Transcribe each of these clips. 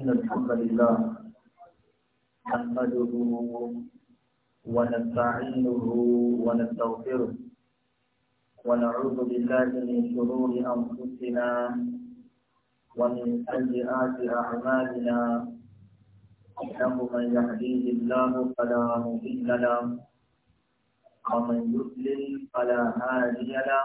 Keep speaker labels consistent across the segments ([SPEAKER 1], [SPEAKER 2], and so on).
[SPEAKER 1] إن الحمد لله نحمده ونستعينه ونستغفره ونعوذ بالله من شرور أنفسنا ومن سيئات أعمالنا إنه من يهديه الله فلا مضل له ومن يضلل فلا هادي له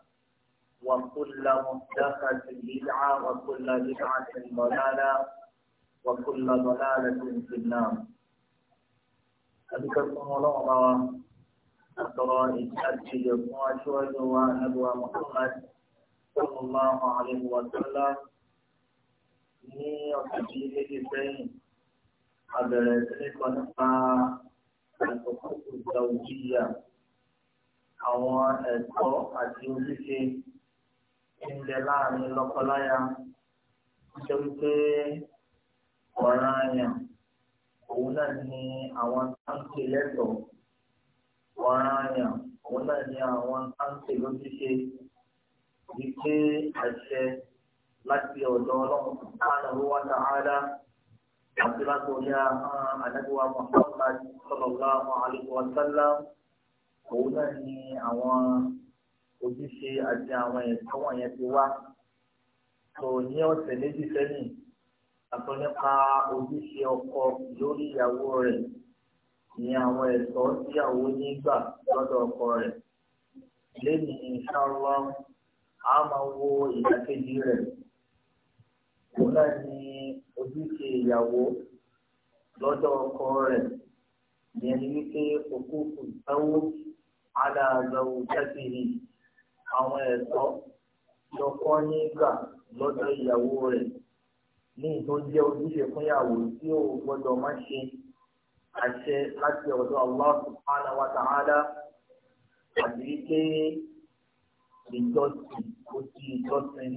[SPEAKER 1] وكل محدثة بدعة وكل بدعة ضلالة وكل ضلالة في النار أذكركم الله أترى إشهادي وأشهد ونبوة محمد صلى الله عليه وسلم ní ọ̀sẹ̀ tí méjì sẹ́yìn abẹ̀rẹ̀ sílẹ̀kọ́ nípa àtọ̀kùnkùn ìgbà òjìyà àwọn ẹ̀tọ́ àti ojúṣe ń bẹ láàrin lọ́kọláya nítorí pé ọ̀ràn àyàn òun náà ni àwọn táǹkì lẹ́tọ̀ọ́ ọ̀ràn àyàn òun náà ni àwọn táǹkì lójúṣe wípé àṣẹ láti ọ̀dọ̀ ọlọ́run subhanahu wa ta'ala àti láti orí ahọ́n àdágbéwá Muhammad sallallahu alaihi wa sallam òun náà ni àwọn ojúṣe àti àwọn ẹ̀tọ́ wọ̀nyẹn ti wá tó ní ọ̀sẹ̀ méjì sẹ́yìn àtọ́ nípa ojúṣe ọkọ lórí ìyàwó rẹ̀ ní àwọn ẹ̀tọ́ tíyàwó nígbà lọ́dọ̀ ọkọ rẹ̀ lẹ́nu ìṣàlọ́ a máa wo ìdàkejì rẹ̀ òun náà ní ojúṣe ìyàwó lọ́dọ̀ ọkọ rẹ̀ ìyẹn ni wípé òkú kò sáwó àdàgbà òjá sí àwọn ẹ̀tọ́ lọ́kọ́ nígbà lọ́dọ̀ ìyàwó rẹ̀ ní ìtò jẹ́ ojúṣe fún ìyàwó tí gbọ́dọ̀ má ṣe àṣẹ láti ọ̀dọ̀ Allah subhanahu wa ta'ala àti wípé ìjọsìn ó ti ìjọsìn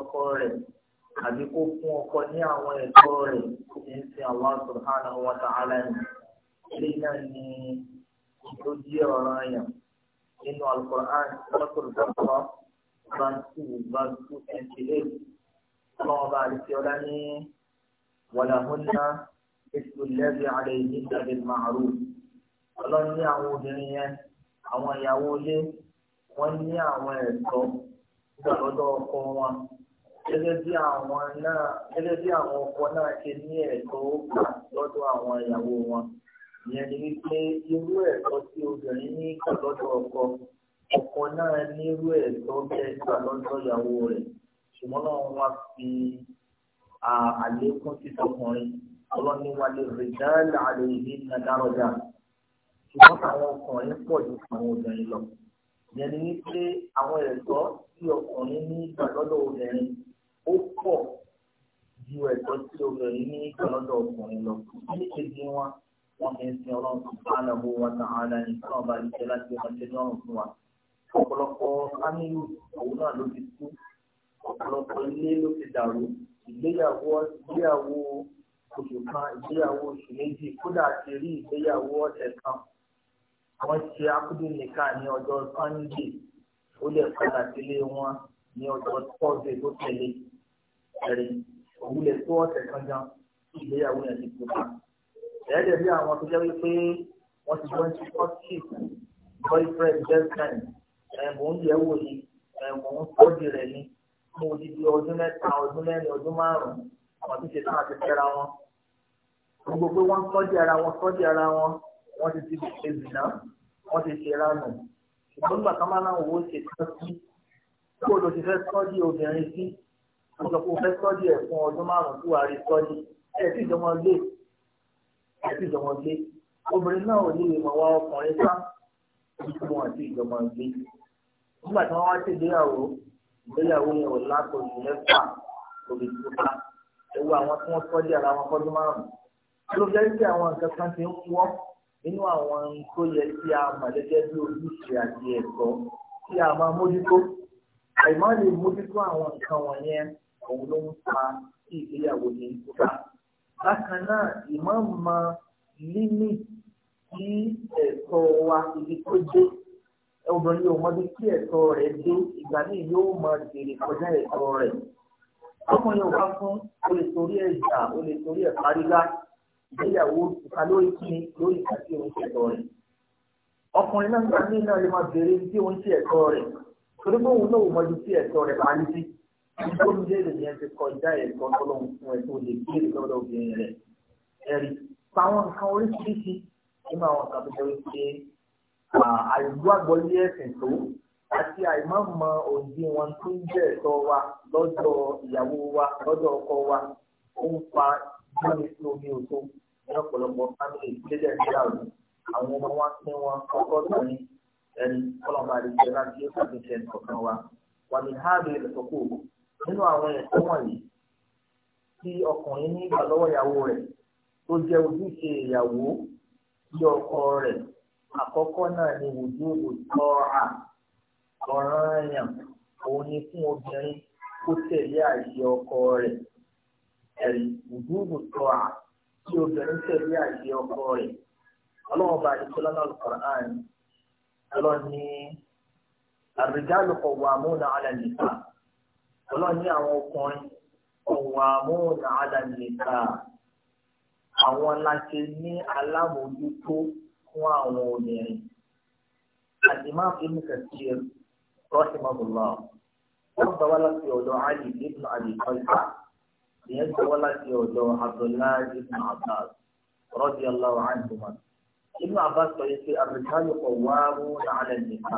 [SPEAKER 1] ọkọ rẹ̀ àbí fún ọkọ ní àwọn ẹ̀tọ́ rẹ̀ sin Allah subhanahu wa ta'ala ní. náà nínú alukur'an lọ́kùnrin dọ́kọ̀ bantu bantu twenty eight ọlọ́wọ́ bá àti ọ̀dá ní wàlàhùnà ètò lẹ́bi àlẹ́ yìí tàbí màrú ọlọ́run ní àwọn obìnrin yẹn àwọn ìyàwó ilé wọ́n ní àwọn ẹ̀tọ́ nígbà ọkọ wọn gẹ́gẹ́ bí àwọn náà gẹ́gẹ́ bí àwọn ọkọ náà ṣe ní ẹ̀tọ́ ó gbà lọ́dọ̀ àwọn ìyàwó wọn ìyẹn ni wípé irú ẹ̀tọ́ tí obìnrin ní kàlọ́dọ̀ ọkọ ọkọ náà nírú ẹ̀tọ́ bẹ́ẹ̀ kàlọ́dọ̀ ìyàwó rẹ̀ ṣùgbọ́n náà wọ́n fi àlékún títọkùnrin ọlọ́ni wa lè rí dáàlà àlè ìdí nàdárọ̀dà ṣùgbọ́n àwọn ọkùnrin pọ̀ ju àwọn obìnrin lọ ìyẹn ni wípé àwọn ẹ̀tọ́ tí ọkùnrin ní kàlọ́dọ̀ obìnrin ó pọ̀ ju ẹ̀tọ́ tí obìnrin ní kàlọ́dọ̀ ọkùnrin lọ ní èdè wọn wọ́n fi ń sin ọlọ́run subhanahu wa ta'ala nìkan ọba ìṣẹ́ láti ọba ṣe lọ́rùn fún wa. ọ̀pọ̀lọpọ̀ fámìlì òun náà ló ti kú ọ̀pọ̀lọpọ̀ ilé ló ti dàrú ìgbéyàwó ìgbéyàwó oṣù kan ìgbéyàwó oṣù méjì kódà ti rí ìgbéyàwó ọ̀sẹ̀ kan wọ́n ṣe akudu nìkan ní ọjọ́ sunday ó lè padà sílé wọn ní ọjọ́ thursday tó tẹ̀lé ẹ̀rí òun lè tó ọ̀sẹ̀ kan gan ìgbéyàwó yẹn ti kú pa ẹ̀ẹ́dẹ̀ bí àwọn tó jẹ́ wípé wọ́n ti join sportship boyfriend girlfriend ẹ̀ mò ń yẹ̀wò ni ẹ̀ mò ń tọ́jú rẹ̀ ni mo ti di ọdún mẹ́ta ọdún mẹ́rin ọdún márùn-ún àwọn tó ṣe tán àti fẹ́ra wọn gbogbo pé wọ́n tọ́jú ara wọn tọ́jú ara wọn wọ́n ti ti ṣe zìnà wọ́n ti ṣe ránù ṣùgbọ́n nígbà kan máa náà owó ṣe tán sí kó o lọ ti fẹ́ tọ́jú obìnrin sí mo sọ pé o fẹ́ tọ́jú ẹ̀ fún ọdún márùn-ún tó tọ́jú ẹ̀ sì jọmọ lé àti ìjọmọ gbé obìnrin náà ò ní ìmọ̀ wa ọkùnrin sá nípa wọn àti ìjọmọ gbé nígbà tí wọn wá sí ìgbéyàwó ìgbéyàwó yẹn ò lákòó mẹ́fà òbí tó bá ewu àwọn tí wọn tọ́jú ara wọn fọdún márùn ló jẹ́ sí àwọn nǹkan kan ti ń wọ́ nínú àwọn tó yẹ kí a mọ̀ gẹ́gẹ́ bí ojúṣe àti ẹ̀kọ́ tí a máa mójútó àìmọ́ lè mójútó àwọn nǹkan wọ̀nyẹn òun ló ń fa kí ìgbéyàwó ní kúta bákan náà ìmọ̀ọ́mọ límì tí ẹ̀tọ́ wa ibi tó dé obìnrin yóò mọ bí kí ẹ̀tọ́ rẹ̀ dé ìgbà míì yóò mọ jèrè kọjá ẹ̀tọ́ rẹ̀ ọkùnrin yóò bá fún o lè torí ẹ̀ o lè torí ẹ̀ parígá ìgbéyàwó ìka lórí kíni lórí ìka tí òun ṣe ẹ̀tọ́ rẹ̀ ọkùnrin náà gbà míì náà lè máa béèrè bí òun ṣe ẹ̀tọ́ rẹ̀ torí pé náà ò mọ ibi tí ẹ̀tọ́ rẹ̀ parí sí olùdíje yẹn ti kọjá ẹ̀kọ́ tọ́lọ́hún fún ẹ̀ tó lè béèrè lọ́dọ̀ obìnrin rẹ̀ ẹ̀rí pàwọn nǹkan oríṣiríṣi nínú àwọn nǹkan tó jẹ́ pé àìgbọ́ àgbọ́lé ẹ̀sìn tó àti àìmọ̀mọ̀ òdi wọn tó ń jẹ́ ẹ̀tọ́ wa lọ́dọ̀ ìyàwó wa lọ́dọ̀ ọkọ wa ó ń fa gbọ́nmi sí omi òtó ní ọ̀pọ̀lọpọ̀ fámìlì ìdílé ìdílé àwọn àwọn ọmọ wa pín wọn kọ́kọ́ tọ́ni ẹni kọ́lọ́mọ nínú àwọn ẹ̀kọ́ wọ̀nyí tí ọkùnrin ní ìgbà lọ́wọ́ ìyàwó rẹ̀ tó jẹ́ ojúṣe ìyàwó sí ọkọ rẹ̀ àkọ́kọ́ náà ni wùdú òtọ́ra ọ̀ranyàn òun ni fún obìnrin kó tẹ̀lé àṣẹ ọkọ rẹ̀ ẹ̀rí wùdú òtọ́ra tí obìnrin tẹ̀lé àṣẹ ọkọ rẹ̀ ọlọ́run bá àdìsọ́ lọ́nà Al-Qur'an ọlọ́run ní ar-rijalu qawwamuna 'ala an-nisa' ọlọ́run ní àwọn ọkùnrin ọ̀wọ̀ àmúhùnà àdánìlẹ́ta àwọn láti ní alámòójútó fún àwọn obìnrin àdìmọ́ ìlú kẹsìr rọ́ṣìmọ́bùlọ́ wọ́n gbà wá láti ọ̀dọ̀ ali ibn abi kọ́lá ìyẹn gbà wá láti ọ̀dọ̀ abdullahi ibn abbas radiyallahu anhuma ibn abbas sọ yìí pé àbùkálù ọ̀wọ́ àmúhùnà àdánìlẹ́ta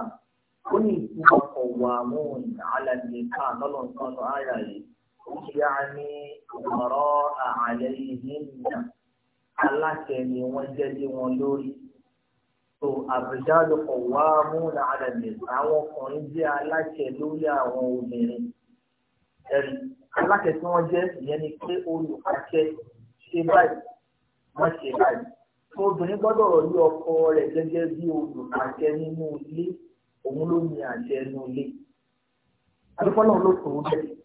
[SPEAKER 1] ó ní ìtumọ̀ ọ̀wọ̀ àwọn òyìn alàgbé ká lọ́lọ́sọ̀nù ara yìí ó ṣe á ní ọ̀rọ̀ àlẹ́ yìí nìyà aláṣẹ ni wọ́n jẹ́ lé wọn lórí. tó àbùdálù ọ̀wọ̀ àmúna alàgbé àwọn ọkùnrin jẹ́ aláṣẹ lórí àwọn obìnrin. ẹ̀rí aláṣẹ tí wọ́n jẹ́ ìyẹn ni pé olùkàṣẹ ṣe báyìí wọ́n ṣe báyìí. obìnrin gbọ́dọ̀ rí ọkọ rẹ̀ gẹ́gẹ́ bí olùkàṣẹ nínú ilé òun ló ní àṣẹ ẹnu ilé àdúgbọ́nà ló fún un bẹ́ẹ̀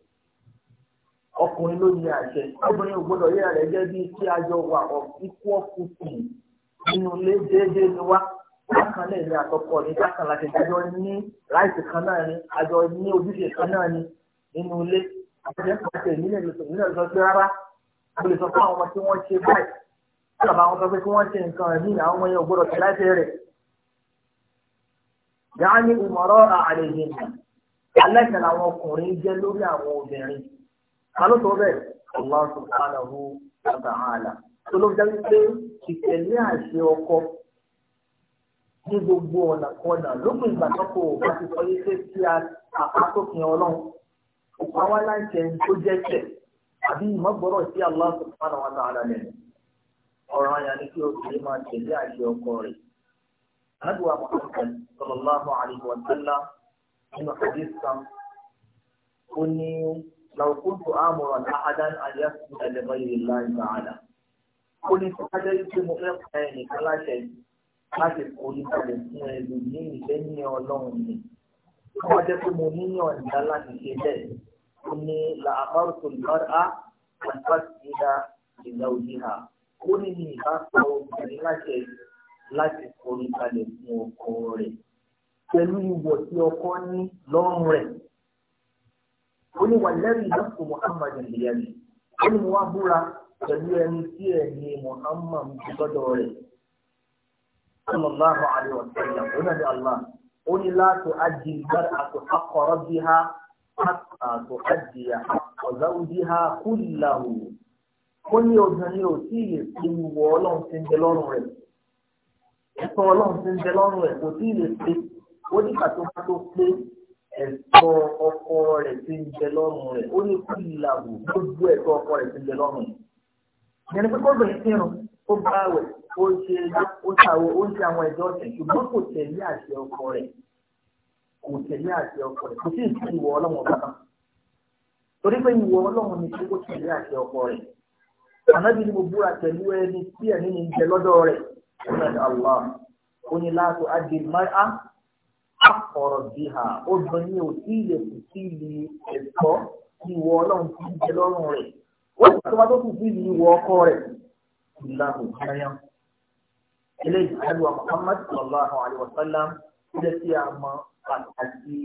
[SPEAKER 1] ọkùnrin ló ní àṣẹ obìnrin ò gbọdọ̀ yíra rẹ̀ jẹ́ bíi kí ajọ wà ọ̀fíkú ọ̀fùkù nínú ilé déédéé ni wá bákan náà ni àtọkọ ní bákan láti àjọ ní láìsí kan náà ni àjọ ní ojúṣe kan náà ni nínú ilé àtẹ̀jẹ́ pàṣẹ ìnílẹ̀ lọ́sọ̀ ìnílẹ̀ lọ́sọ̀ pé rárá mo lè sọ fún àwọn ọmọ tí wọ́n ṣe báyìí tí bàbá wọn sọ pé kí wọ́n ṣe nǹkan ẹ̀mí àwọn ọmọ yẹn ò gbọdọ̀ tẹ̀ láìsẹ̀ rẹ̀ yàánì ìmọ̀rọ̀ àrègbè aláìsàn làwọn ọkùnrin jẹ́ lórí àwọn obìnrin lori tó bẹ̀ Allah subhanahu wa ta'ala tó ló jẹ́ pé ìtẹ̀lé àṣẹ ọkọ ní gbogbo ọ̀nà kọ̀ọ̀nà lópin ìgbà tọ́kọ bá ti sọ yí pé kí àpátófin ọlọ́run tó àbí ìmọ̀gbọ́rọ̀ sí Allah subhanahu wa ta'ala lẹ́nu ọ̀ràn àyàn ọkọ rẹ̀. ندوى محمد صلى الله عليه وسلم من حديث كني لو كنت امرا احدا ان يسجد لغير الله تعالى كني سجدت مؤمن يعني فلا شيء لكن كوني سجدت مؤمن بني ولوني كما جاءت مؤمن وانزل الله كيدي كني لاخرت المراه ان تسجد لزوجها كني من خاصه بني فلا شيء láti forí kalẹ̀ fún ọkọ rẹ̀ pẹ̀lú ìwọ̀ tí ọkọ ní lọ́rùn rẹ̀. ó ní wàlẹ́rì lọ́sùn muhammad ìlẹ́rì ó ní wàá búra pẹ̀lú ẹni tí ẹ̀ ní muhammad gbọ́dọ̀ rẹ̀. sallallahu alayhi wa sallam ó nàbí allah ó ní láti ajì gbára àti akọ̀rọ̀ bí ha àti ajì àkọ̀zá ojú ha kúlìláhù. ó ní obìnrin ò tí ì lè fi wọ ọlọ́run ti ń jẹ lọ́rùn rẹ̀ ẹ̀tọ́ ọlọ́run ti ń bẹ lọ́rùn ẹ̀ kò tí ì lè pé ó nígbà tó bá tó pé ẹ̀tọ́ ọkọ rẹ̀ ti ń bẹ lọ́rùn rẹ̀ ó ní kú ìlàwò gbogbo ẹ̀tọ́ ọkọ rẹ̀ ti ń bẹ lọ́rùn rẹ̀. ìyẹn pé kóbìn kírun ó bá wẹ̀ ó ṣe ó ṣàwọ̀ ó ń ṣe àwọn ẹ̀jọ́ ọ̀sẹ̀ ṣùgbọ́n kò tẹ̀lé àṣẹ ọkọ rẹ̀ kò tẹ̀lé àṣẹ ọkọ rẹ̀ kò sí ìtú ìwọ ọlọ́run ọba torí pé ìwọ ọlọ́run ni kókó tẹ̀lé àṣẹ ọkọ rẹ̀ ànábì ni mo búra pẹ̀lú ẹni tí ẹ̀mí ń bẹ lọ́dọ̀ rẹ̀ ọ̀sẹ̀ allah ó ní láti adìr mẹ́ta àkọ̀rọ̀ bí ha obìnrin ò tí ì lè kù sí ilé ẹ̀tọ́ ìwọ ọlọ́run ti ń jẹ lọ́rùn rẹ̀ ó sì tó bá tó kù sí ilé ìwọ ọkọ rẹ̀ ìlànà ìdáyà eléyìí àdúrà muhammad sallallahu alayhi wa sallam ó jẹ́ kí a mọ pàtàkì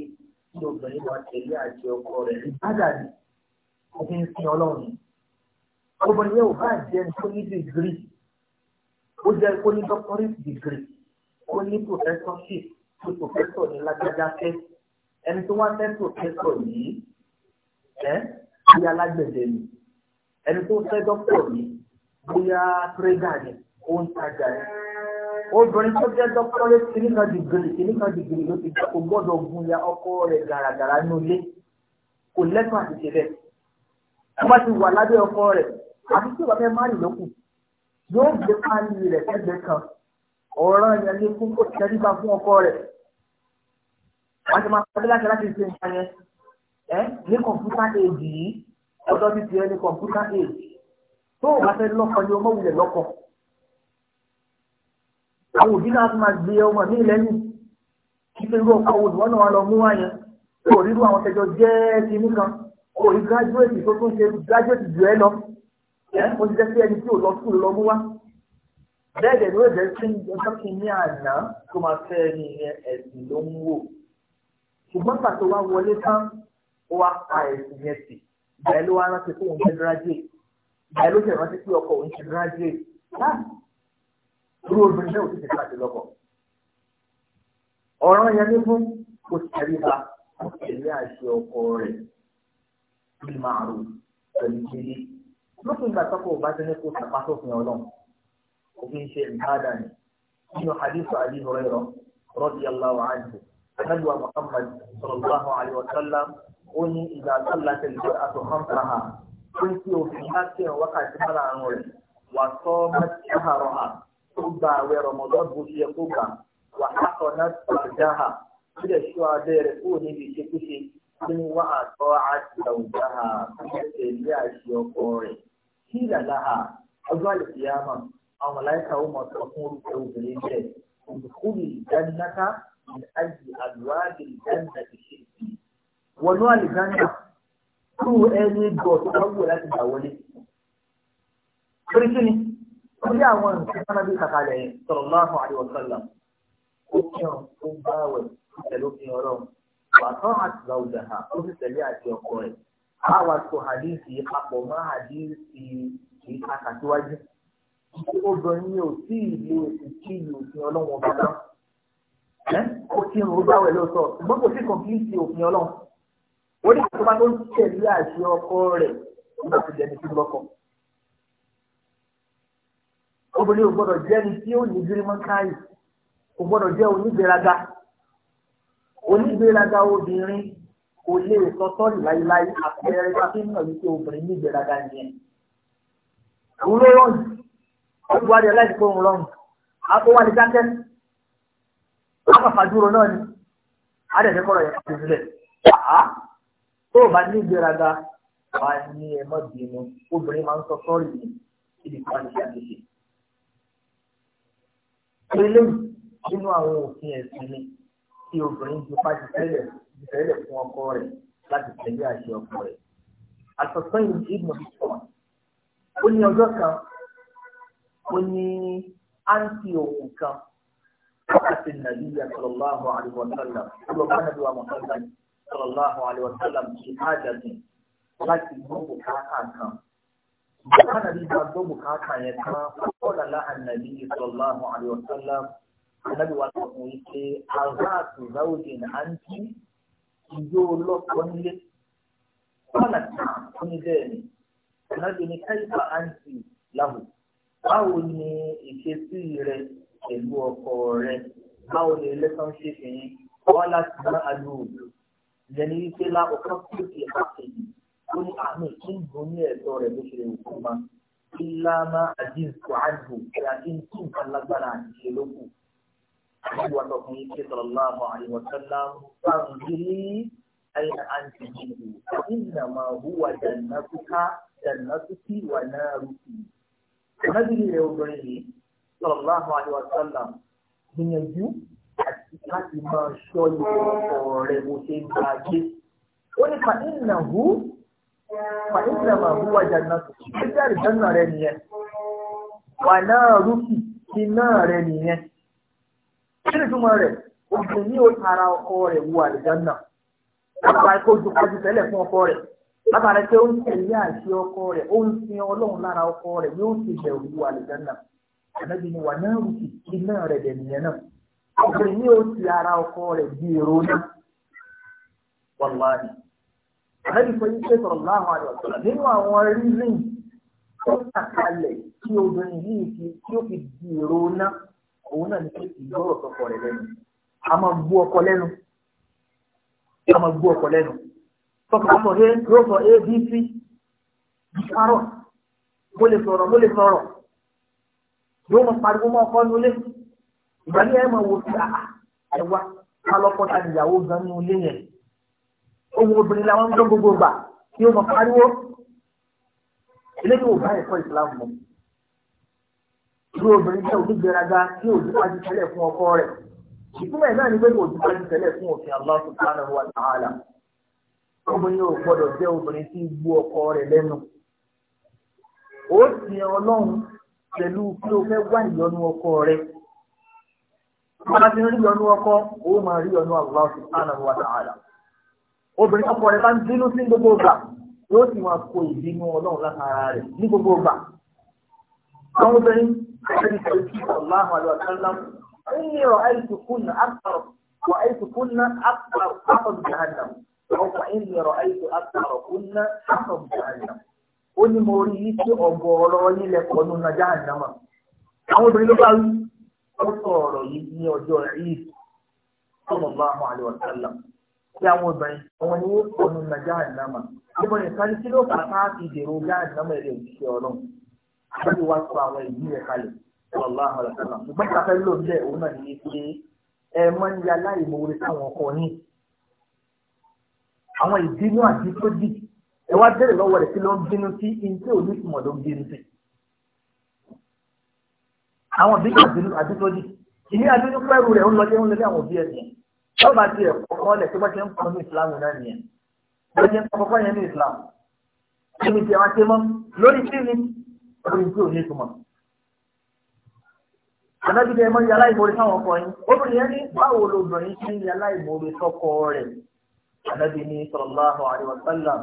[SPEAKER 1] tí obìnrin máa tẹ̀lé àti ọkọ rẹ̀ ìbádàdì òfin sin ọlọ́run obìnrin yóò bá jẹ́ nítorí dìgírì ó jẹ́ kó ní doctorate degree kó ní professorship tó professor ní lágbájá fẹ́ ẹni tó wá fẹ́ professor yìí ẹ́ bóyá alágbẹ̀dẹ ni ẹni tó fẹ́ doctor yìí bóyá trader ni ó ń tajà ni obìnrin tó jẹ́ doctorate clinical degree clinical degree ló ti kò gbọ́dọ̀ gun ya ọkọ rẹ̀ gàràgàrà ní ilé kò lẹ́tọ̀ àti ṣe bẹ́ẹ̀ wọ́n ti wà lábẹ́ ọkọ rẹ̀ àti tí ìwà fẹ́ má rìn lókùn yóò gbé pálí rẹ̀ ẹgbẹ́ kan ọ̀ràn yẹn ní kú kó tẹríba fún ọkọ rẹ̀ wọ́n ti máa fẹ́ láti láti ṣe nǹkan yẹn ẹ́ ní kọ̀ǹpútà èjì yìí ọ̀dọ́ ti tiẹ̀ ní kọ̀ǹpútà èjì tó o bá fẹ́ lọ́kọ ni o mọ̀ wulẹ̀ lọ́kọ. àwọn òbí náà máa gbé ọmọ mi lẹ́nu kí pé irú ọkọ òdùwọ́ náà wà lọ mú wá yẹn kó o rí irú àwọn tẹjọ jẹ́ kínní kan kó o rí gírájúwèsì tó tún ṣe gírájúwèsì jù ẹ lọ ẹ́ mo ti jẹ́ sí ẹni tí ò lọ sùúrù lọ mú wá bẹ́ẹ̀ dẹ̀ ló jẹ́ sí ọjọ́ kìíní àná tó máa fẹ́ ẹni yẹn ẹ̀sìn ló ń wò ṣùgbọ́n pàtó wá wọlé tán ó wá pa ẹ̀sìn yẹn sí bẹ́ẹ̀ ló wá rántí pé òun ṣe graduate bẹ́ẹ̀ ló ṣe rántí pé ọkọ òun ṣe graduate láti irú obìnrin náà ò ti ṣe káàdì lọ́kọ̀ ọ̀ràn yẹn ní fún kò tẹ̀lé ba kò àṣẹ ọkọ rẹ̀ bí màrún pẹ̀lú kiri lópin ìgbà tọ́kọ̀ ò bá ti ní kó sàpá sófin ọlọ́run òfin ṣe ìbáadà ni nínú hadith Ali Hurairah radiyallahu anhu anábìwá Muhammad sallallahu alayhi wa sallam ó ní ìgbà sọ́lá ti lè aṣọ hamsaha ó ń tí òfin bá kí wákàtí mara àrùn rẹ̀ wà sọ mẹ́tì àhàrọ̀ ha tó gba àwẹ̀ Ramadan bó ṣe kó gbà wà á sọ náà tó ń wá àtọ́ àti àwùjá ha ṣe ilé àṣẹ ọkọ rẹ̀ kí làlá ha ọjọ́ àlèkè yá mà àwọn láìka ó mọ̀ sọ fún orúkọ obìnrin bẹ́ẹ̀ olùkúlì ìdániláta ní àjì àlùwádìí ìdánilá ti ṣe ìdí. wọnú àlìgánà kú ẹni gbọ́ tó bá wù láti gbà wọlé. torí kí ni orí àwọn nǹkan tó nábì kàkàlẹ̀ sallallahu alaihi wasallam ó kírun ó bá wẹ̀ ìtẹ̀lófin ọlọ́run wàtọ́ àti zawjaha ó sì tẹ̀lé àti ọkọ rẹ̀ báwa tó hadithi papọ̀ mọ́ hadithi yìí kàkàtíwájú obìnrin yìí ò tí ì lè kí ìlú òfin ọlọ́run ọba náà ẹ kó kí irun ó dáwẹ̀ lóòótọ́ ṣùgbọ́n kò sí kọ̀m̀pìlìtì òfin ọlọ́run ó ní àtúbá tó ń tẹ̀lé àṣẹ ọkọ rẹ̀ nígbà tó jẹni tó lọ́kọ. obìnrin ò gbọ́dọ̀ jẹ́ni tí ó ní gírímọ́ńkáì kò gbọ́dọ̀ jẹ́ onígbéraga onígbéraga obìnrin kò lè sọ sọ́ọ̀lì láíláí àpẹẹrẹ láti mọ̀ wípé obìnrin ní ìgbéraga nìyẹn. òun ló rọrùn ọdún wájú aláìsí pé òun rọrùn àpò wá ní dákẹ́ àpàfàdúró náà ni àdẹ̀dẹ̀ kọ́rọ̀ yẹn kò sílẹ̀ àá tó o bá ní wà ní ẹ̀mọ́ bínú obìnrin máa ń sọ sọ́ọ̀lì ibi kan ní ìṣàkóso. eléyìí nínú àwọn òfin ẹ̀sìn ni. tí obìnrin ju pàṣẹ tẹ́lẹ̀ ju tẹ́lẹ̀ fún ọkọ rẹ̀ láti tẹ̀lé àṣẹ ọkọ rẹ̀. àtọ̀tọ̀ yìí ti mọ̀ sọ̀ ó ní ọjọ́ kan ó ní àǹtí òun kan wákàtí nàìjíríà sallallahu alaihi wa sallam ọlọ́pàá nàbí wa Muhammad sallallahu alaihi wa sallam ṣe ájàdùn láti gbọ́ bùkátà kan. bùkátà bí bá gbọ́ bùkátà yẹn kan kọ́lá láhàn nàìjíríà sallallahu alaihi wa sallam. ànábì wa sọ fún yìí pé azaatu zawudi náà ń tí ìjó ọlọ́kọ nílé kọ́nà tán ó ní bẹ́ẹ̀ ni ànábì ní káyípa àǹtí làwù báwo ni ìṣesí rẹ pẹ̀lú ọkọ rẹ báwo ni relationship yẹn wọ́n láti mọ àlùfò yẹn ní wípé lákòókò tó ti pàkejì ó ní àmì kí n dùn ní ẹ̀tọ́ rẹ̀ bó ṣe lè wù kó máa. Ilá máa àdínkù àdùn kí a dín àti ṣe àbí wà lọ́kùn yìí ṣe sọ̀rọ̀ láàmú àríwọ̀sọ́lá fàǹdírí àyìn àǹtí nìyí ìnàmà hùwà jannatuka jannatuki wà náà rúkì. ànábìrì rẹ̀ obìnrin yìí sọ̀rọ̀ láàmú àríwọ̀sọ́lá gbìyànjú àti láti máa ṣọ́ ilé rẹ̀ bó ṣe ń bá a gbé. ó ní fàìnà hù fàìnà mà hùwà jannatuki ó jẹ́ àrìjọ́nà rẹ̀ nìyẹn wà náà rúkì iná rẹ̀ nìyẹn. kí ni túmọ̀ rẹ obìnrin ní o tara ọkọ rẹ̀ wọ àlùjánnà látara kó ju kájú tẹ́lẹ̀ fún ọkọ rẹ̀ látara pé ó ń tẹ̀lé àṣẹ ọkọ rẹ ó ń sin lára ọkọ rẹ yóò ti ni wà náà iná nìyẹn náà obìnrin ní o ti ara ọkọ rẹ̀ di èrò náà wàlláhi ànábi sọ yìí pé nínú àwọn obìnrin yìí òun náà ní pé ìgbọ́rọ̀ sọkọ rẹ̀ lẹ́nu a máa gbú ọkọ lẹ́nu a máa gbú ọkọ lẹ́nu tọkọ sọ he yóò sọ a b c parọ́ mo lè sọ̀rọ̀ mo lè sọ̀rọ̀ yóò máa pariwo máa kọ́ nulẹ̀ ìgbà ní ẹ máa wo sí àhà ẹ wá ká lọ́kọ́ ta níyàwó gan ní ilé yẹn ohun obìnrin làwọn ń dán gbogbo gbà yóò máa pariwo eléyìí ò bá ẹ̀kọ́ ìsìlámù mọ́. irú obìnrin jẹ́ onígbéraga tí òjúpa ti tẹ́lẹ̀ fún ọkọ rẹ̀ ìtumọ̀ náà ni pé òjúpa ti tẹ́lẹ̀ fún òfin Allah subhanahu wa ta'ala obìnrin ò gbọ́dọ̀ jẹ́ ọkọ rẹ̀ lẹ́nu ó ọlọ́run pẹ̀lú o fẹ́ wá ìyọnu ọkọ rẹ̀ bá rí ìyọnu ọkọ ó máa rí ìyọnu obìnrin ọkọ rẹ̀ bá ń bínú sí gbogbo ìgbà yóò موضع حديث صلى الله عليه وسلم إني رأيت كن أكثر رأيت كن أكثر حطب جهنم أو فإني رأيت أكثر كن حطب جهنم أني مريت أبوري لكون جهنم أعوذ بالله أبوري إني أجوع عيد صلى الله عليه وسلم yàwọn obìnrin wọn ni ó kọnu nàìjíríà nàmà níbo ni sanni kí ló fà á ká ìdèrò gáàsì nàmà èrè òṣìṣẹ ọlọrun. àbí wá sọ àwọn ìlú rẹ̀ kalẹ̀ sallallahu alaihi wasallam ṣùgbọ́n ìtafẹ́ ló ń bẹ̀ òun náà ní pé ẹ máa ń ya aláìmoore táwọn ọkọ yín àwọn ìbínú àti tó dì ẹ wá bẹ̀rẹ̀ lọ́wọ́ rẹ̀ kí ló ń bínú sí iṣẹ́ onísùmọ̀ ló ń bínú sí. àwọn ìbínú àbínú àti tó dì ìní àbínú pẹ́rù rẹ̀ ń lọ jẹ́ ń lọlé àwọn òbí ẹ̀sìn tó bá ti ẹ̀kọ́ kọ́lẹ̀ tó bá ti ń pọ̀ ní ìsìlámù náà nìyẹn bó ti ń pọ̀ kọ́kọ́ yẹn ní ìsìlámù orí tí ò ní ìtumọ̀. Àdájúdé ẹ mọ́ yàrá ìmòrè fáwọn ọkọ yín. Obìnrin yẹn ní báwo lobìnrin ṣe ń yàrá ìmòrè sọ́kọ rẹ̀. Àdájú ní sallallahu alaihi wasallam.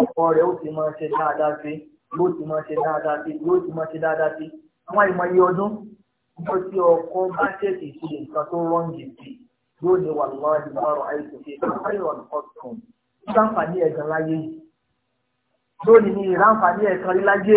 [SPEAKER 1] Ọkọ rẹ̀ ó ti máa ṣe dáadáa sí, yóò ti máa ṣe dáadáa sí, yóò ti máa ṣe dáadáa sí. Àwọn àìmọye ọdún bó ti ọkọ bá ṣèṣì ṣe nǹkan tó rọ́ǹgì sí yóò ní wàlúwàlú márùn àìsàn ṣe iron cotton. Ìrànfààní ẹ̀gàn láyé. Lónìí ni ìrànfààní ẹ̀kan rí láyé.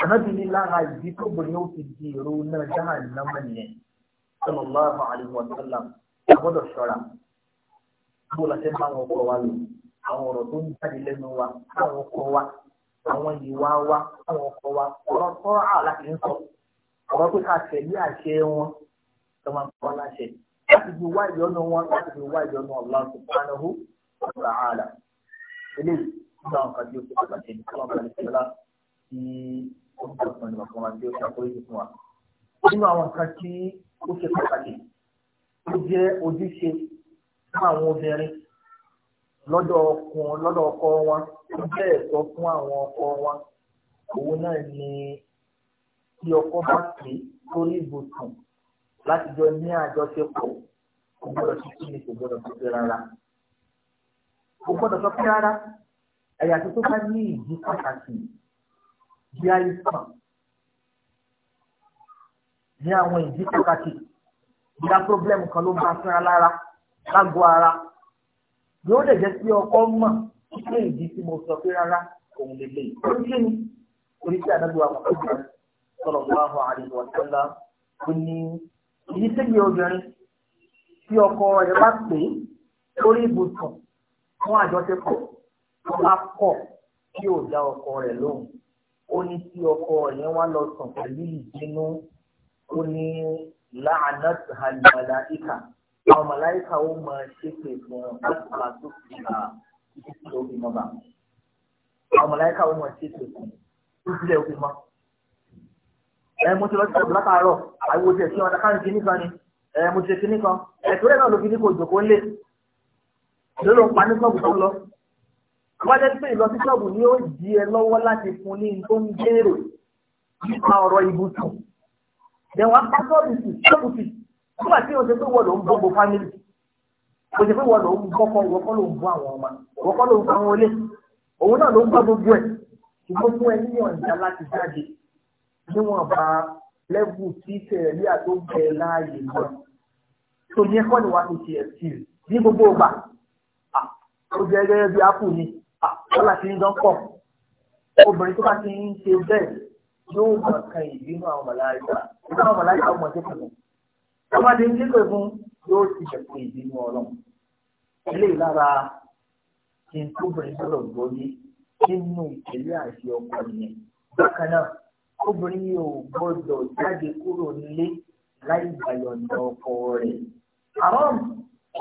[SPEAKER 1] ànábì ní lára ìdí tó bìnrin ó fi di èrò náà jáhà náà nìyẹn sallallahu alaihi wa sallam àgbọ́dọ̀ ṣọ́ra bó la ṣe ń bá wọn kọ wa lò àwọn ọ̀rọ̀ tó ń jáde lẹ́nu wa àwọn ọkọ wa àwọn ìwà wa àwọn ọkọ wa ọ̀rọ̀ tó rà láti ń sọ ọ̀rọ̀ pé ká tẹ̀lé àṣẹ wọn tó máa ń láti fi wá ìyọ́nú wọn láti fi wá ìyọ́nú Allah subhanahu wa ta'ala eléyìí nígbà wọn kan tí ó ṣe pàtàkì ní kí wọn ọ̀pọ̀lọpọ̀ ni màkàmá tí ó ṣàkóyè fún wa. nínú àwọn nǹkan tí ó ṣe pàtàkì ó jẹ́ ojúṣe fún àwọn obìnrin lọ́dọ̀ ọkùn lọ́dọ̀ ọkọ wọn ó jẹ́ ẹ̀tọ́ fún àwọn ọkọ wọn òun náà ni tí ọkọ bá pè lórí ibùsùn láti jọ ní àjọṣepọ̀ kò gbọ́dọ̀ sí kí ni kò gbọ́dọ̀ sí pé rárá kò gbọ́dọ̀ sọ pé rárá àyàfi tó bá ní ìdí pàtàkì di àìsàn ní àwọn ìdí pàtàkì ìdá pírọ́blẹ́mù kan ló ń bá fúnra lára lágọ̀ ara yóò lè jẹ́ sí ọkọ mọ̀ pé ìdí tí mo sọ pé rárá òun lè lè torí kí ni torí kí àdágbò àwọn ọkùnrin sọ̀rọ̀ mọ́ àwọn àríwá sọ́lá ó ní ìdí tẹ́lẹ̀ obìnrin tí ọkọ rẹ̀ bá pè é lórí ibùsùn fún àjọṣepọ̀ tó bá kọ̀ tí ò dá ọkọ rẹ̀ lóhùn ó ní tí ọkọ yẹn wá lọ sùn pẹ̀lú ìdínú ó ní láàánà àlùmọ̀lá ìkà àwọn màláìka ó máa ṣépè fún láti máa tó fi hà títí tó fi mọ́ bá àwọn màláìka ó máa ṣépè fún títí tó fi mọ́. ẹ mo ti lọ sí ọ̀dọ̀ látàárọ̀ àìwò tiẹ̀ sí ọ̀dà káàkiri nìkan ni ẹ mo ti ṣe kinní kan ẹ̀tọ́ rẹ̀ náà ló fi ní kò jòkó ńlẹ̀ lórí òun pa ní sọ́ọ̀bù tó lọ wọ́n jẹ́ pé ìlọsí ṣọ́ọ̀bù ni ó di ẹ lọ́wọ́ láti fún ní tó ń gbèrò nípa ọ̀rọ̀ ibùsùn. Then wọ́n pa ṣọ́ọ̀bù sí ṣọ́ọ̀bù sí nígbà tí o ṣe pé wọ́n ló ń bọ́ bo family. O ṣe pé wọ́n ló ń bọ́ kọ́ wọ́n ló ń bọ́ àwọn ọmọ wọ́n ló ń bọ́ àwọn olè. Òun náà ló ń bọ́ gbogbo ẹ̀ ṣùgbọ́n fún ẹ ní láti jáde ni wàá fi ṣe ẹ̀ sí i ní gbogbo ìgbà. Ó lọ́la ti ń dán pọ̀ obìnrin tó bá ti ń ṣe bẹ́ẹ̀ yóò mọ̀ kan ìbínú àwọn màláíkà ìbínú àwọn màláíkà ọmọ tó kù tó bá ti ń dínkù fún yóò ti dẹ̀kun ìbínú ọlọ́run eléyìí lára kí n tóbìnrin sọ̀rọ̀ gbọ́lé nínú ìtẹ̀lé àṣẹ ọkọ nìyẹn bákan náà obìnrin yìí ò gbọ́dọ̀ jáde kúrò nílé láì gbàyọ̀ǹda ọkọ rẹ̀ haram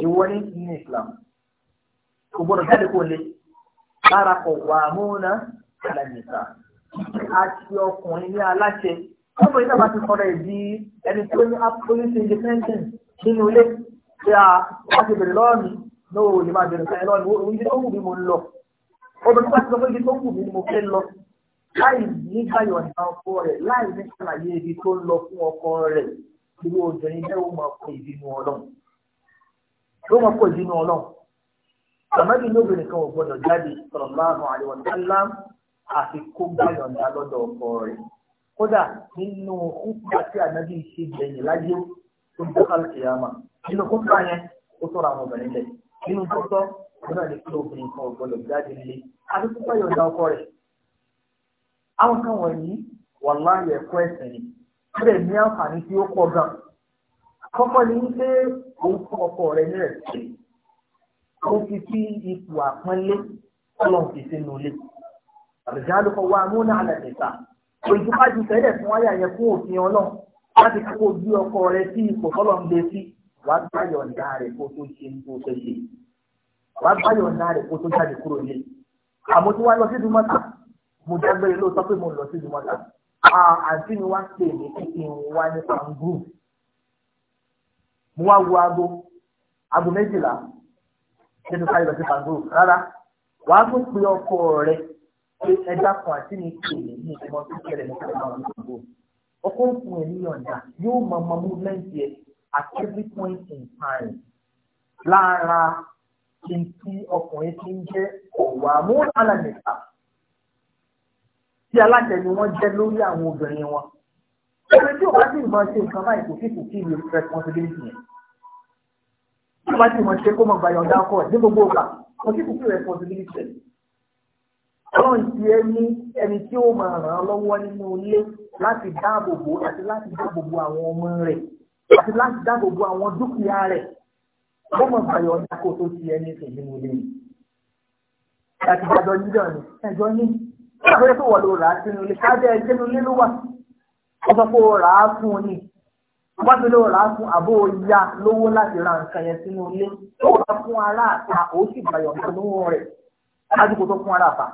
[SPEAKER 1] ìwọ ní Islam kò gbọ́dọ̀ jáde kúrò nílé lára kò wà múná alẹ́nìta àti ọkùnrin ní aláṣẹ ọkùnrin náà bá ti kọ́ra ìdí ẹni tó ní police independent nínú ilé tí a wá ti bèrè lọ́ọ̀nì náà ò ní máa bèrè sẹ́yìn lọ́ọ̀nì oúnjẹ tó wù mí mo ń lọ obìnrin bá ti sọ pé ibi tó wù mí mo fẹ́ lọ láì nígbà yọ̀ǹda ọkọ rẹ̀ láì ní sàlàyé ibi tó ń lọ fún ọkọ rẹ̀ irú obìnrin bẹ́ẹ̀ ó máa kó ìbínú ọlọ́run ó ìbínú ọlọ́run àmọ́bí lóbìnrin kan ò gbọ́dọ̀ jáde sallallahu alaihi wa sallam àfi kó gbàyọ̀ǹda lọ́dọ̀ ọkọ rẹ̀ kódà nínú kúkúrà tí ànábì ṣe gbẹ̀yìn láyé tó ń tọ́ka kìyàmà nínú kúkúrà yẹn ó sọ̀rọ̀ àwọn obìnrin lẹ̀ nínú tó tọ́ ó náà lè pé obìnrin kan ò gbọ́dọ̀ jáde nílé àfi kó gbàyọ̀ǹda ọkọ rẹ̀ àwọn kan wọ̀nyí wàláhì ẹ̀kọ́ ẹ̀sìn ni bẹ́ẹ̀ ní àǹfààní tí ó pọ̀ gan kọ́kọ́ ni wípé òun fún ọkọ rẹ̀ ní rẹ̀ ó ti fi ipò àpọ́nlé ọlọ́run fi sínú ilé àbẹ̀jáde kọ wa múnà àlẹ́dẹ̀ta òjìkájú tẹ́lẹ̀ fún wáyà yẹn fún òfin ọlọ́run láti kókó bí ọkọ rẹ sí ipò tọ́lọ̀ ń gbé sí wàá gbá yọ̀ǹda rẹ̀ kó tó ṣe ń tó fẹ́ ṣe wàá gbá yọ̀ǹda rẹ̀ kó tó jáde kúrò ilé àmọ́ tí wàá lọ sí ìdúmọ̀tà mo dágbére lóòótọ́ pé mo lọ sí ìdúmọ̀tà àǹtí mi wá pè mí kí n wá nípa ń gùn mo wá wo aago aago méjìlá nínú káyọ̀ lọ sí pàǹdó rárá wà á tún pe ọkọ rẹ pé ẹja kan àti ní kèlè ní ìmọ̀ tó kẹlẹ̀ ní kẹlẹ̀ náà ní gbogbo ọkọ òkun ẹ̀ níyànjá yóò mọ ọmọ movement yẹ at every point in time lára kí n tí ọkùnrin ti ń jẹ́ ọ̀wà mú alàmìta tí aláṣẹ ni wọ́n jẹ́ lórí àwọn obìnrin wọn. Ẹgbẹ́ tí ò bá sì máa ṣe nǹkan báyìí kò sí kò kí responsibility yẹn tó bá ti mọ̀ ṣe kó mọ̀ gbà yọ̀ǹda ọkọ ní gbogbo ọgbà wọ́n sì kú sí responsibility ọlọ́run ti ẹ ní ẹni tí ó máa ràn án lọ́wọ́ nínú ilé láti dáàbò bò àti láti dáàbò bò àwọn ọmọ rẹ̀ àti láti dáàbò bò àwọn dúkìá rẹ̀ kó mọ̀ gbà yọ̀ǹda kó tó ti ẹni sùn nínú ilé. láti dájọ́ níjọ́ ni ẹjọ́ ní ìgbà tó wọ̀ ló rà á sínú ilé ká wọ́n ti lóò rà á fún àbó ya lówó láti ra nǹkan yẹn sínú ilé ó rà á fún ará àta òun sì gbàyọ̀ nǹkan lówó rẹ̀ ṣáájú kó tó fún ará àta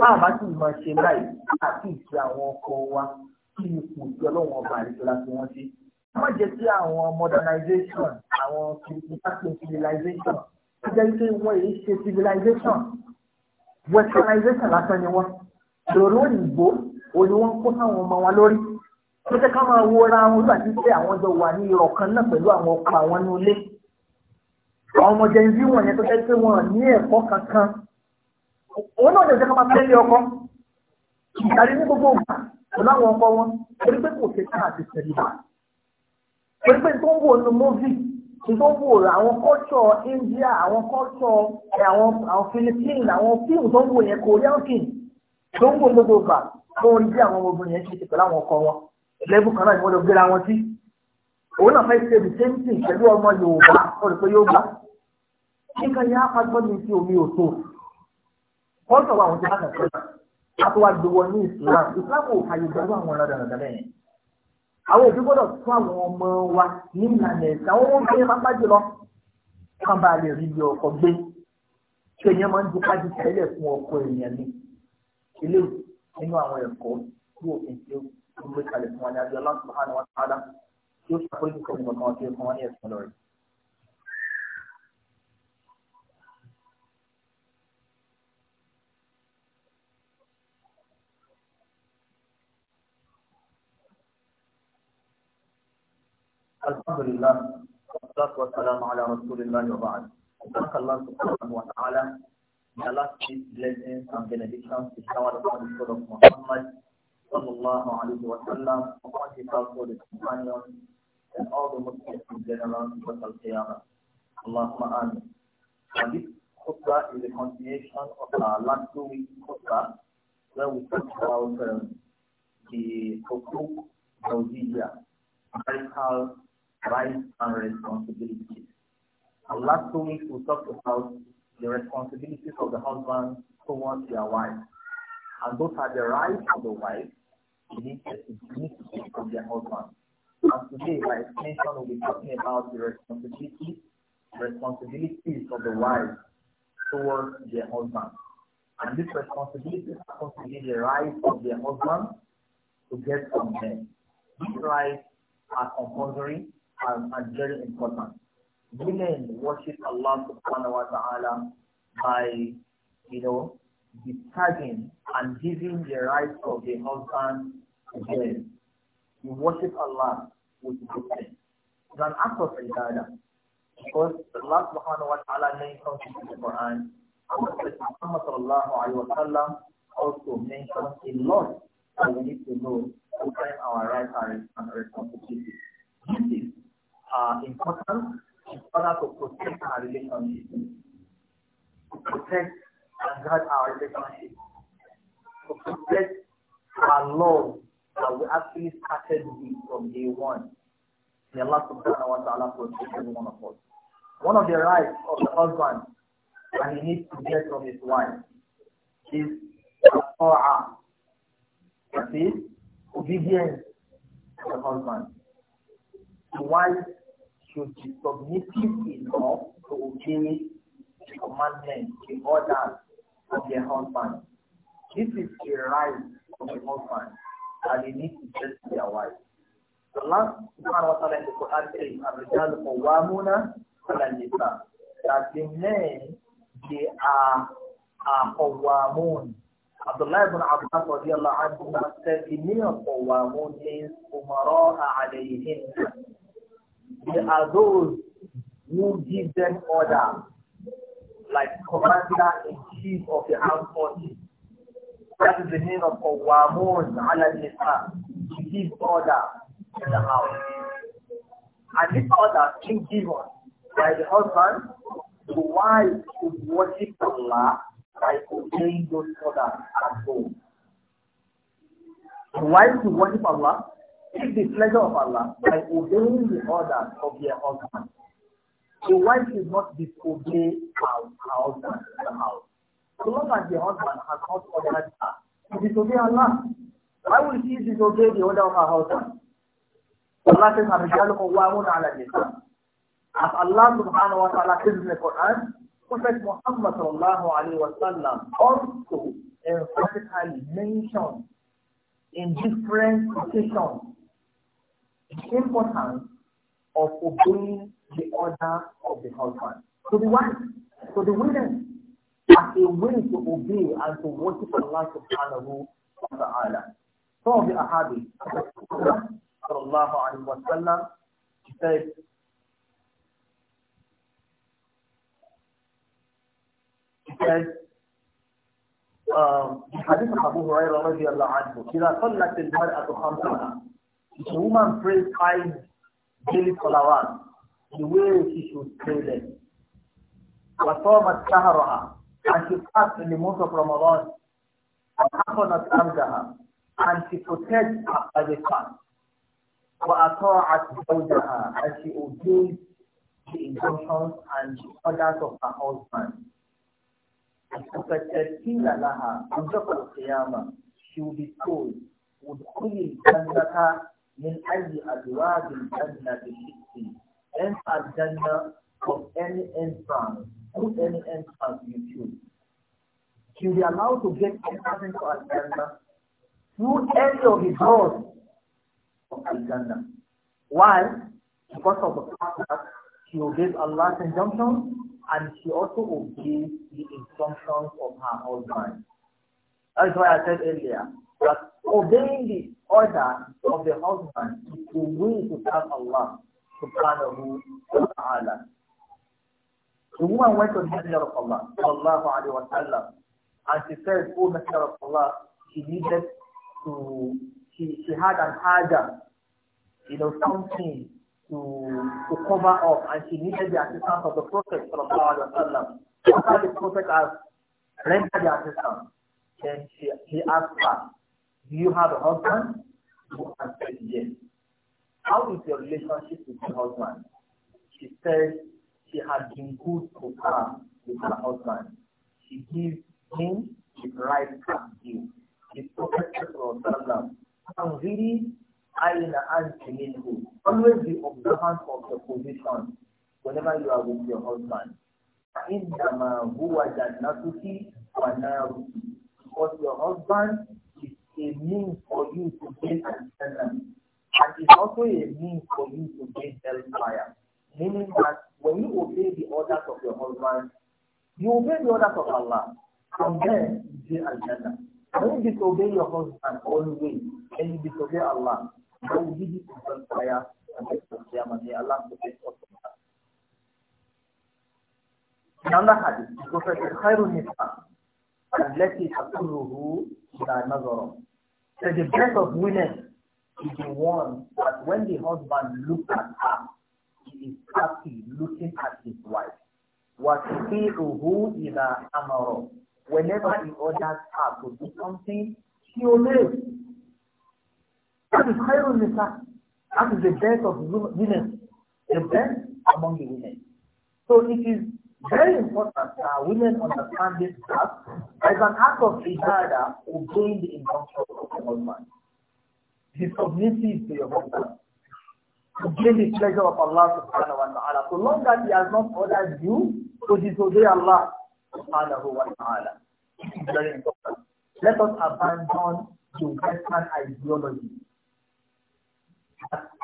[SPEAKER 1] máa bá sì máa ṣe báyìí àti ìṣe àwọn ọkọ wa kí ipò tí ọlọ́run ọba àlejò láti wọ́n ṣe. wọ́n jẹ́ sí àwọn modernization àwọn kìrìtìpáṣẹ civilization ó jẹ́ pé wọ́n èyí ṣe civilization westernization lásán ni wọ́n lòrò òní wọ́n kó sáwọn ọmọ wọn lórí ló ká máa wo ara wọn láti pé àwọn jọ wà ní irọ́ kan náà pẹ̀lú àwọn ọkọ àwọn ní ilé àwọn ọmọ jẹun bí wọ̀nyẹn tó jẹ́ pé wọn ní ẹ̀kọ́ kankan òun náà jẹ́ ká máa tẹ̀lé ọkọ ìdarí ní gbogbo ògbà pẹ̀lú àwọn ọkọ wọn torí pé kò ṣe ká àti tẹ̀lé bá torí pé tó ń wò nu móvì tó ń wò àwọn kọ́ṣọ̀ India àwọn kọ́ṣọ̀ àwọn Philippines àwọn fíìmù tó ń wò yẹn Korean film tó ń wò gbogbo ògbà tó ń rí àwọn ọmọ obìnrin yẹn ṣe pẹ̀lú àwọn ọkọ wọn lẹ́bù kan náà ni wọ́n lọ gbéra wọn sí òun náà fẹ́ ṣe the same thing pẹ̀lú ọmọ Yorùbá ọ̀rọ̀ pé yóò gbà nígbà yẹn apájọ́ mi sí omi òtò kọ́ńtọ̀ wa àwọn tí wọ́n kàn fẹ́ àtúwà gbowó ní Islam Islam ò fàyè gbàgbọ́ àwọn ọ̀rọ̀ dandan bẹ́ẹ̀ àwọn òbí gbọ́dọ̀ tún àwọn ọmọ wa ní ìlànà ẹ̀sìn àwọn ohun tó yẹ máa ń bá jùlọ kàn bá lè rí ibi ọkọ̀ gbé ṣe máa ń ju kájú tẹ́lẹ̀ fún ọkọ̀ èèyàn ni ilé nínú àwọn ẹ̀kọ́ tí òfin tí ó tó gbé kalẹ̀ fún subhanahu wa ta'ala tí ó ṣàkóso fún ìgbà kan tí ó fún wa ní ẹ̀sìn lọ́rẹ̀. Thank Allah subhanahu wa ta'ala. May Allah's peace, blessings, and benedictions be showered upon the soul of Muhammad sallallahu and all the Muslims in general qiyamah Allahumma And this khutbah is a continuation of our last two weeks khutbah, where we talked about um, the Hukuk Zawjiya, marital rights and responsibilities. And last two weeks we talked about the responsibilities of the husband towards their wife. And those are the rights of the wife deleted significantly from their husband. And today, my extension will be talking about the responsibility, responsibilities of the wife towards their husband. And this responsibility happens to be the right of their husband to get from them. These rights are compulsory and, and very important. Women worship Allah subhanahu wa ta'ala by, you know, discharging and giving the rights of the husband to them. You worship Allah with goodness. It's an act of ibadah. Because Allah subhanahu wa ta'ala mentions in the Quran, Muhammad sallallahu alayhi wa sallam also mentions a lot that we need to know to claim our rights and responsibilities. This is uh, important in order to protect our relationship, to protect and guard our relationship. To protect our love that we actually started with from day one. May Allah subhanahu wa ta'ala protect every one of us. One of the rights of the husband and he needs to get from his wife is ta'a. That is obedience to the husband. The wife should be submissive enough to obey the commandments, the orders of their husband. This is a right of the husband, and they need to test their wife. The last subhanahu wa ta'ala in the Quran says, Ar-Rijal Qawwamuna ala Nisa, that the men, they are Qawwamun. Abdullah ibn Abbas radiallahu anhu said, the men of Qawwamun means Umara'a alayhin. They are those who give them order like commander in chief of the household. That is the name of Qawamun ala nisa. He gives order in the house. And this order is given by the husband, the wife should worship Allah by obeying those orders at home. The wife should worship Allah, take the pleasure of Allah by obeying the orders of their husband. The wife should not disobey her husband in the house. So long as the husband has not ordered her to disobey Allah, why will she disobey the order of her husband? Allah says, "Abidjalukum wa'amun ala nisa." As Allah subhanahu wa ta'ala says in the Quran, Prophet Muhammad sallallahu alayhi wa sallam also emphatically mentioned in different occasions the importance of obeying the order of the husband. To the wife, to the women, as a way to obey and to worship Allah subhanahu wa ta'ala. Some of the ahadith, sallallahu alayhi wa sallam, he said, he said, um, حديث أبو هريرة رضي الله عنه إذا صلت المرأة خمسها if a woman prays five daily salawat the way she should pray them. وصامت شهرها and she passed in the month of Ramadan وحفظت فرجها and she protects her private part. وأطاعت زوجها and she obeys the injunctions and the orders of her husband. And in لها on the Qiyamah she will be told ادخلي الجنة من أي أبواب الجنة شئتِ enter gender of any entrance, put any entrance you choose. She'll be allowed to get entrance into Alexander through any of the doors of Alexander. Why? Because of the fact that she obeys Allah's injunctions and she also obeys the instructions of her husband. That's why I said earlier that obeying the order of the husband is the way to serve Allah. subhanahu wa ta'ala. The woman went to the Messenger of Allah, sallallahu alayhi wa sallam, and she said, O Messenger of Allah, she needed to, she, she had an haja, you know, something to, to cover up, and she needed the assistance of the Prophet, sallallahu alayhi wa sallam. After the Prophet has rendered the assistance, then she, he asked her, do you have a husband? woman said, yes. How is your relationship with your husband? She says she has been good to her with her husband. She gives him the right as due. The Prophet Sallallahu Alaihi Wasallam Always be observant of your position whenever you are with your husband. فإنما هو جنتك ونارك because your husband is a means for you to gain and And it's also a means for you to gain hellfire. Meaning that when you obey the orders of your husband, you obey the orders of Allah. From there, you gain al-jannah. When you disobey your husband always, and you disobey Allah, that will lead you to hellfire and get to Qiyamah. May Allah protect us from that. In another hadith, the Prophet said, خَيْرُ النِّسَاءِ الَّتِي تَقُرُّهُ إِلَى نَظَرًا So the best of women is the one that when the husband looks at her, he is happy looking at his wife. وَتُطِيعُهُ إِذَا أَمَرَهُ Whenever he orders her to do something, she obeys. That is Khairul Nisa. That is the best of women. The best among the women. So it is very important that women understand this fact as an act of ibadah obeying the injunction of the husband. He's submissive to your husband. To gain the pleasure of Allah subhanahu wa ta'ala. So long as he has not ordered you to disobey Allah subhanahu wa ta'ala. This is very important. Let us abandon the Western ideology.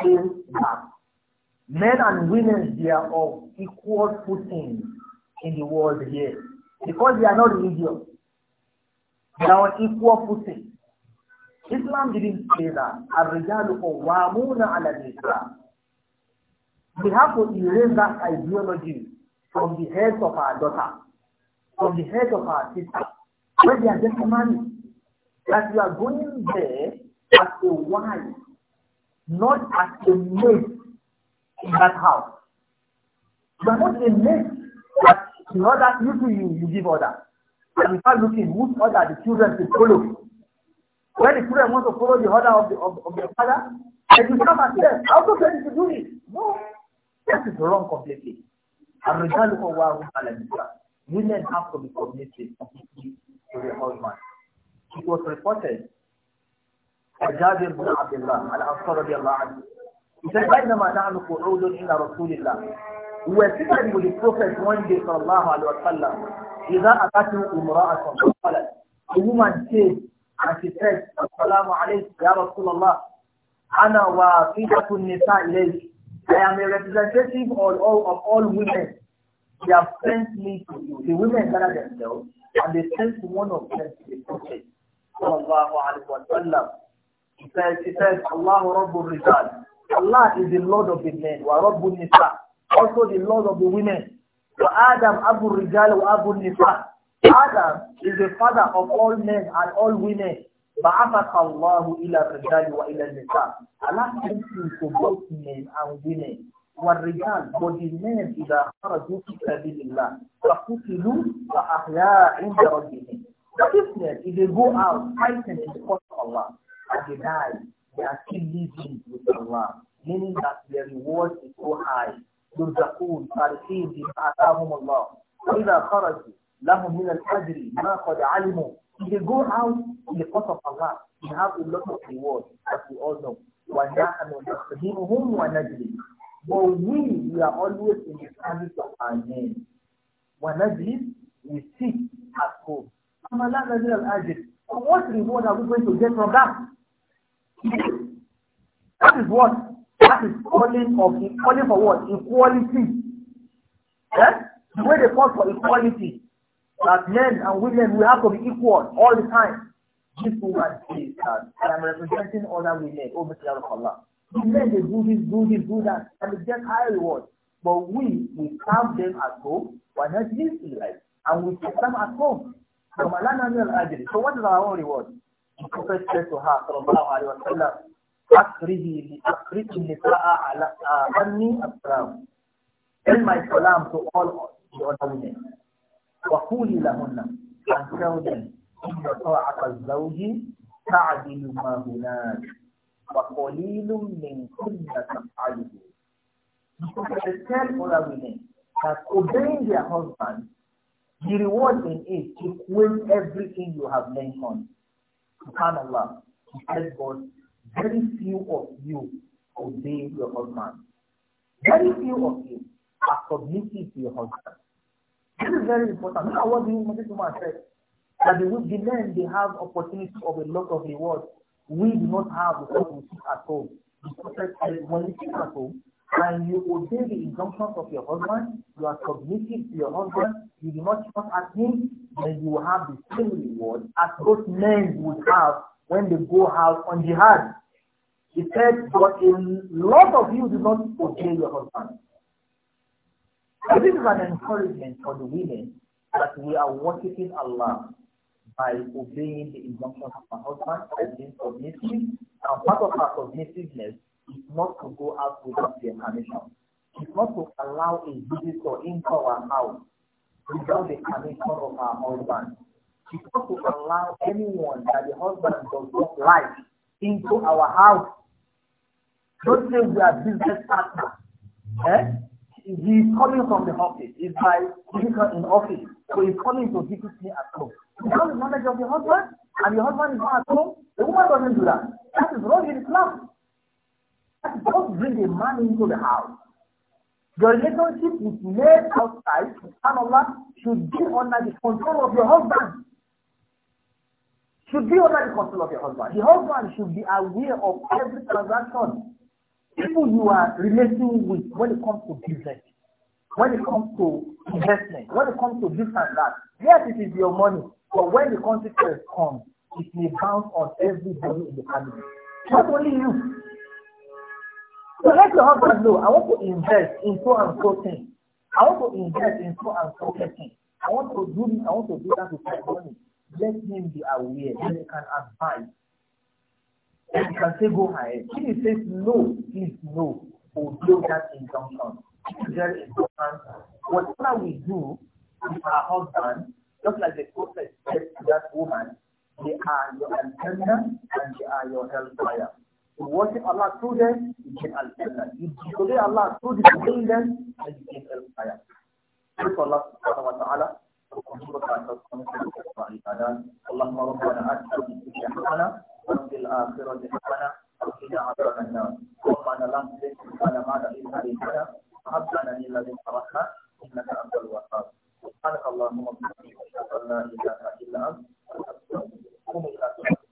[SPEAKER 1] Still that men and women they are of equal footing in the world here because they are not religious. They are on equal footing. Islam didn't say that. Ar-rijalu qawwamuna 'ala an-nisa. We have to erase that ideology from the heads of our daughter, from the heads of our sister, when they are just a man, That you are going there as a wife, not as a maid in that house. You are not a maid that in order you to you, you give order. And you start looking whose order the children should follow. When the children want to follow the order of, the, of, of their father, and you come and say, how do you to do it? No, this is wrong completely. الرجال قوام على النساء. Women have to be submissive to their husband. It was reported جابر بن عبد الله الأنصار رضي الله عنه إذا بينما نحن قعود إلى رسول الله وسأل للبروفيت one day صلى الله عليه وسلم إذا أتته امرأة فقالت a woman says àti fẹ́ẹ̀t asalaamu alaykum ya rasulallah ana wa fíjàkú nisa I am a representative of all, of all women they have sent me to you the women gather themselves and they sent one of them to the prophet sallallahu alayhi wa sallam he says he says allahu rabbu rijal allah is the lord of the men wa rabbu nisa also the lord of the women wa adam abu rijal wa abu nisa. Adam is the father of all men and all women. بعثك الله إلى الرجال وإلى النساء. Allah sent him to both men and women. والرجال but the men إذا خرجوا في سبيل الله فقتلوا فأحيا عند ربهم. But if men, if they go out fighting in the cause of Allah and they die, they are still living with Allah, meaning that their reward is so high. يرزقون فارحين بما آتاهم الله. وإذا خرجوا لهم من الأجر ما قد علموا they go out in the cause of Allah, they have a lot of reward, as we all know. وَنَحْنُ نَخْدِمُهُمْ وَنَجْرِي But we, we are always in the service of our name. وَنَجْرِي, we seek at home. فَمَلَا نَجْرِ الْأَجْرِ So what reward are we going to get from that? That is what? That is calling of calling for what? Equality. Yeah. The way they call for equality that men and women, we have to be equal all the time. This woman says that I am representing other women Oh, the of Allah. The men, they do this, do this, do that, and they get higher rewards. But we, we have them at home, when not used to life, and we serve them at home. So what is our own reward? The Prophet said to her, sallallahu alayhi wa sallam, أخرجي أخرجي النساء على أني أسلام. Tell my salam to all the other women. وقولي لهن عن زوجا إن طاعة الزوج تعدل ما هناك وقليل من كل تفعله. Because the tell other women that obeying their husband, the reward in it equals everything you have mentioned. SubhanAllah, he said, but very few of you obey your husband. Very few of you are submissive to your husband. This is very important. Look at what the Muslim woman said. That the, the men, they have opportunity of a lot of reward. We do not have because we sit at home. The prophet said, when you sit at home and you obey the injunctions of your husband, you are submissive to your husband, you do not shout at him, then you will have the same reward as those men would have when they go out on jihad. He said, but a lot of you do not obey your husband. So this is an encouragement for the women that we are worshiping Allah by obeying the injunctions of our husband by being submissive. And part of our submissiveness is not to go out without the permission. It's not to allow a visitor into our house without the permission of our husband. It's not to allow anyone that the husband does not like into our house. Don't say we are business partners. Eh? he's coming from the office. He's my vicar in office. So he's coming to visit me at home. You have the knowledge of your husband, and your husband is not at home. The woman doesn't do that. That is wrong in Islam. That does bring a man into the house. Your relationship is made outside, And Allah should be under the control of your husband. Should be under the control of your husband. The husband should be aware of every transaction people you are relating with when it comes to business, when it comes to investment, when it comes to this and that, yes, it is your money, but when the consequence comes, it may bounce on everybody in the family. Not only you. So let your husband know, I want to invest in so and so thing. I want to invest in so and so thing. I want to do this, I want to do that with my money. Let him be aware, then he can advise. And you can say, go ahead. If he says no, please no, obey that injunction. It's very important. Whatever we do with our husband, just like the prophet said to that woman, they are your antenna and they are your hellfire. You worship Allah through them, you get antenna. You disobey Allah through disobeying them, and you get hellfire. Pray to Allah subhanahu wa ta'ala. اللهم ربنا آتنا في الدنيا حسنة وفي الآخرة حسنة وقنا عذاب النار ربنا لا تزغ قلوبنا إلا هديتنا وهب لنا من لدنك رحمة إنك أنت الوهاب سبحانك اللهم وبحمدك أشهد أن لا إله إلا أنت أستغفرك وأتوب إليك